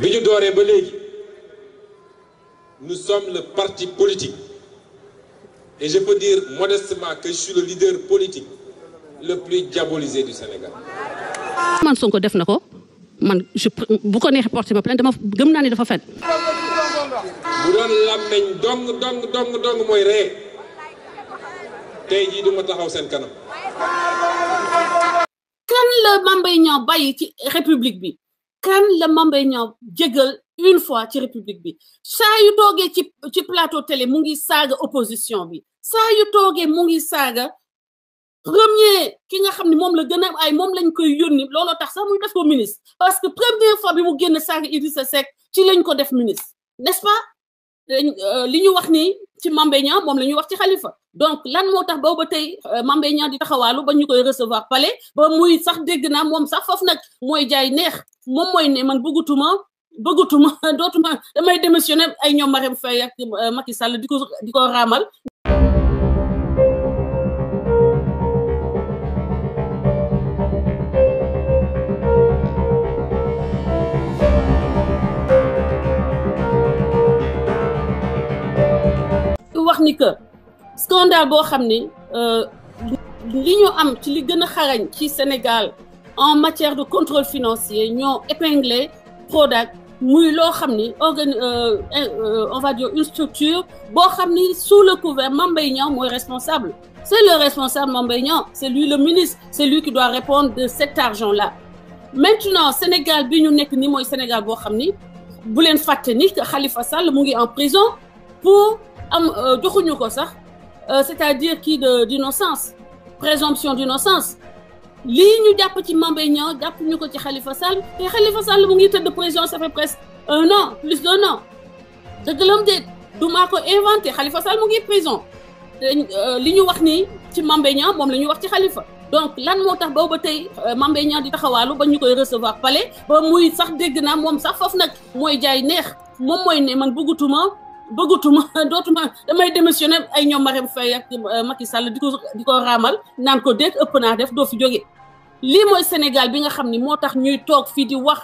bi ñu ba léegi nous sommes le parti politique et je peux dire modestement que je suis le leader politique le plus diabolisé du Sénégal. man Sonko def nako man je bu ko nexe porté ma plainte dama gëm na ni dafa fen bu doon làmmeñ dong dong dong dong moy ree tay ji duma taxaw sen kanam kan la Mame ci république bi kan le Mame Mbaye une fois ci république bi sa yu toogee ci ci plateau télé mu ngi opposition bi sa yu toogee mu ngi premier ki nga xamni mom la gëna a ay mom lañ koy yoni lolo tax sa muy def ko ministre parce que première fois bi mu génn saaga Idrissa Seck ci lañ ko def ministre n'est-ce pas euh, liñu wax ni ci Mame Mbaye Niang wax ci Khalifa donc lan motax tax booba euh, di taxawaalu ba recevoir palais ba muy sax dégg na mom sax fof nak moy jaay neex mom moy ne man bëggutuma damay démissionné ay ñom ak euh, Macky Sall wax ni que scandale boo xam ni euh, li ñu am ci li gën a xarañ ci Sénégal en matière de contrôle financier ñoo épinglé Prodac muy loo xam ni euh, euh, on va dire une structure boo xam sous le couvert Mame Niang mooy responsable c'est le responsable Mame Niang c'est lui le ministre c'est lui qui doit répondre de cet argent là maintenant Sénégal bi ñu nekk ni mooy Sénégal boo xam ni bu leen fàtte ni Khalifa Sall mu ngi en prison pour am joxuñu ko sax euh, c'est-à-dire qui de d'innocence présomption d'innocence Li ñu jàpp ci Mame Mbaye Niang jàpp ci Khalifa Sall te Khalifa Sall mu ngi prison ça fait presque un an plus d'un an c'est que l'homme dit du maa ko inventé Khalifa Sall mu ngi prison euh, li ñu wax nii ci Mame Mbaye Niang moom la ñu wax ci Khalifa donc lan moo tax booba tey euh, Mame Mbaye Niang di ba recevoir palais ba muy sax dégg naa moom sax foofu nag mooy jaay neex moom mooy ne man bëggatuma bëggatuma dootuma damay démissionné ay ñoom Marème Faye ak euh, Macky Sall di ko di ko raamal naan ko déet ëpp naa def doo fi jóge lii mooy Sénégal bi nga xam ni moo tax ñuy toog fii di wax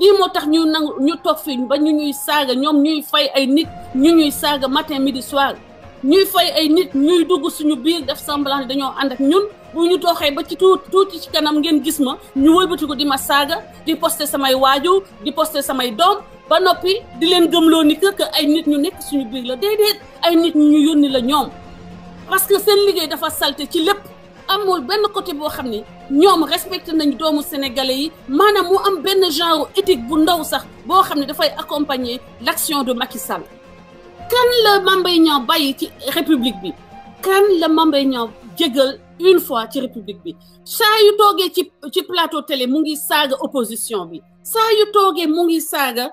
lii moo tax ñu nangu ñu toog fii ba ñu ñuy saaga ñoom ñuy fay ay nit ñu ñuy saaga matin midi soir ñuy fay ay nit ñuy dugg suñu biir def semblant dañoo ànd ak ñun bu ñu tooxee ba ci tuuti tuuti ci kanam ngeen gis ma ñu wëlbati ko di ma saaga di poster samay waajur di poster samay doom ba noppi di leen gëmloo ni que ay nit ñu nekk suñu biir la déedéet ay nit ñu yónni la ñoom parce que seen liggéey dafa salté ci lépp amul benn côté boo xam ne ñoom respecté nañu doomu sénégalais yi maanaam mu am benn genre éthique bu ndaw sax boo xam ne dafay accompagner l'action de Macky Sall. kan la Mame Mbaye Niang bàyyi ci république bi kan la Mame Mbaye Niang jégal une fois ci république bi saa yu toogee ci ci plateau télé mu ngi saaga opposition bi saa yu toogee mu ngi saaga.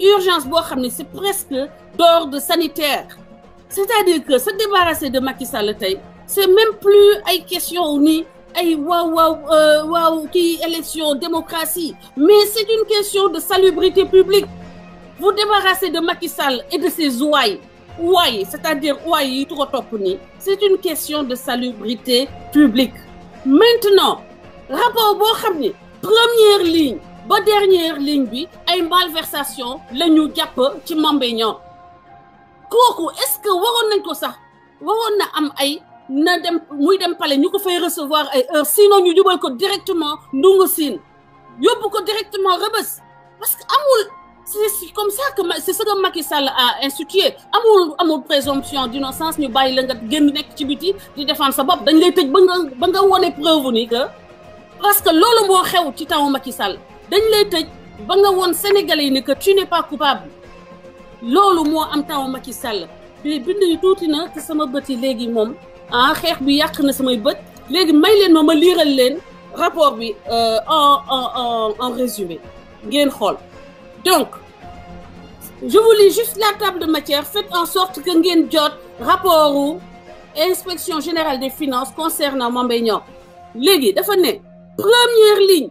urgence bo c'est presque d'ordre sanitaire c'est-à-dire que se débarrasser de Macky Sall c'est même plus une question ni ay euh, élection démocratie mais c'est une question de salubrité publique vous débarrasser de Macky Sall et de ses ouailles c'est-à-dire ouailles c'est une question de salubrité publique maintenant rapport au premier première ligne ba dernière ligne bi ay malversation lañu japp ci est-ce que vous nañ ko sax na am ay na dem muy dem recevoir sinon ñu jubal ko directement ndungu ko directement rebeus parce que c'est comme ça que c'est ce que Macky a institué amul amul présomption d'innocence ñu dit nga avez ci biti défendre sa dañ lay preuve que parce que xew ci Sall dañ lay tëj ba nga woon sénégalais yi ne que tu n'es pas coupable loolu moo am taw Macky Sall bi bind yi tuuti na te sama bët yi léegi moom ah xeex bi yàq na samay bët léegi may leen ma ma liiral leen rapport bi euh, en en en résumé ngeen xool donc je vous lis juste la table de matière faites en sorte que ngeen jot rapport u inspection générale des finances concernant Mame Mbaye léegi dafa ne première ligne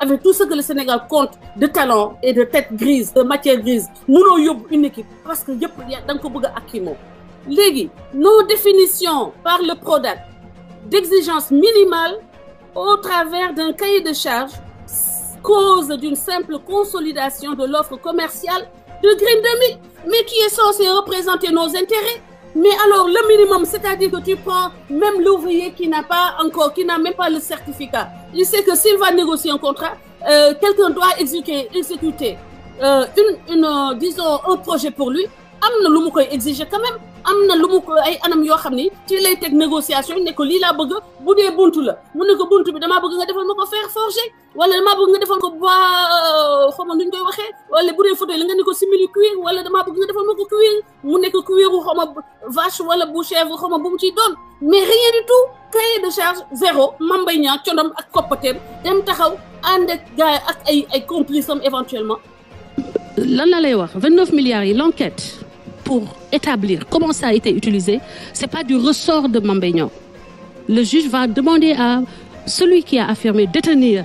avec tout ce que le Sénégal compte de talent et de tête grise de matière grise nous avons une équipe parce que nous avons ko nos définitions par le PRODAC d'exigence minimale au travers d'un cahier de charge cause d'une simple consolidation de l'offre commerciale de Green 2000 mais qui est censée représenter nos intérêts mais alors, le minimum, c'est-à-dire que tu prends même l'ouvrier qui n'a pas encore, qui n'a même pas le certificat. Il sait que s'il va négocier un contrat, euh, quelqu'un doit exécuter, exécuter euh, une, une euh, disons, un projet pour lui. Amna na lu exiger quand même Amna na lu ay anam yo xam tu ci lay négociation ne ko lii laa bëgg bu buntu la mu ne ko buntu bi damaa bëgg nga defal ma ko fer forgé wala damaa bëgg nga defal ko euh, wala bu dee photo yi nga ni ko simili cuir wala dama bëgg nga defal ma ko cuir mu nekk cuiru xaw ma vache wala bu chèvre xaw bu mu ciy doon mais rien du tout cahier de charge zéro mambay ñaa condom ak koppateem dem taxaw ànd ak gars ak ay ay complice am éventuellement lan la lay wax 29 milliards yi l'enquête pour établir comment ça a été utilisé c'est pas du ressort de Mambay Niang le juge va demander à celui qui a affirmé détenir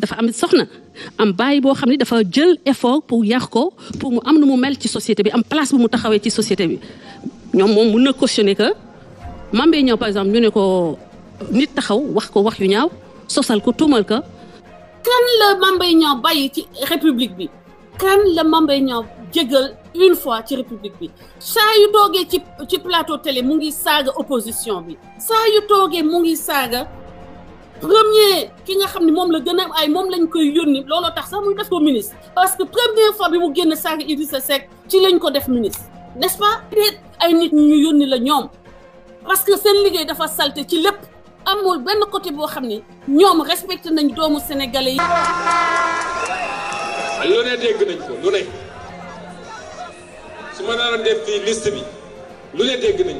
dafa am soxna am bàyyi bo xamni ne dafa jël effort pour yar ko pour mu am nu mu mel ci société bi am place bu mu taxawé ci société bi ñom moom mun na cautionner que Mame Mbaye par exemple ñu ne ko nit taxaw wax ko wax yu ñaaw sosal ko tumal ko. kan le Mame Mbaye Niang ci république bi kan le Mame Mbaye Niang jégal une fois ci république bi sa yu toogee ci ci plateau télé mu ngi saga opposition bi sa yu togué mu ngi saga premier ki nga xam ne moom la gën a ay moom lañ koy yónni looloo tax sax muy def ko ministre parce que première fois bi mu génn indi sa Seck ci lañ ko def ministre n'est-ce pas ay nit ñu ñu yónni la ñoom parce que seen liggéey dafa salte ci lépp amul benn côté boo xam ni ñoom respecté nañ doomu sénégalais yi lu ne dégg nañ ko lu ne su ma naroon def fii liste bi lu ne dégg nañ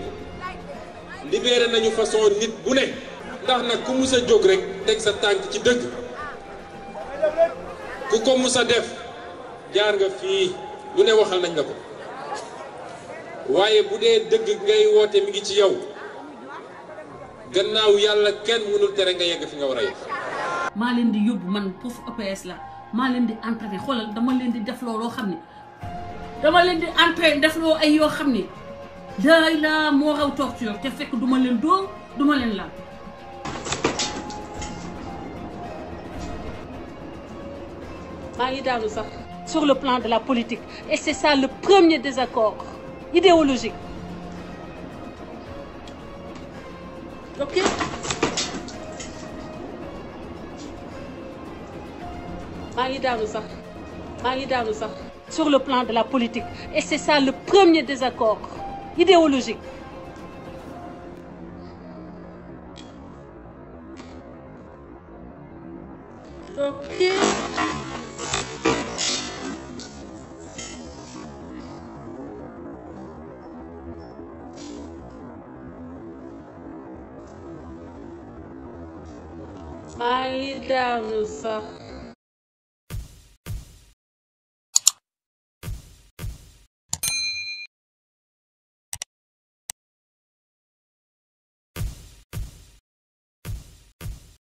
ko nañu façon nit bu ne ndax nag ku mus a jóg rek teg sa tànk ci dëgg ku ko mus a def jaar nga fii lu ne waxal nañ la ko waaye bu dee dëgg ngay woote mi ngi ci yow gannaaw yàlla kenn mënul tere nga yegg fi nga war a yegg. maa leen di yóbbu man prof EPS la maa leen di entraîné xoolal dama leen di def loo xam ne dama leen di entraîné def loo ay yoo xam ne daay laa moo raw torture te fekk duma leen dóor duma leen laal. sur le plan de la politique et c'est ça le premier désaccord idéologique ok sur le plan de la politique et c'est ça le premier désaccord idéologique ok ai dá, meu saco.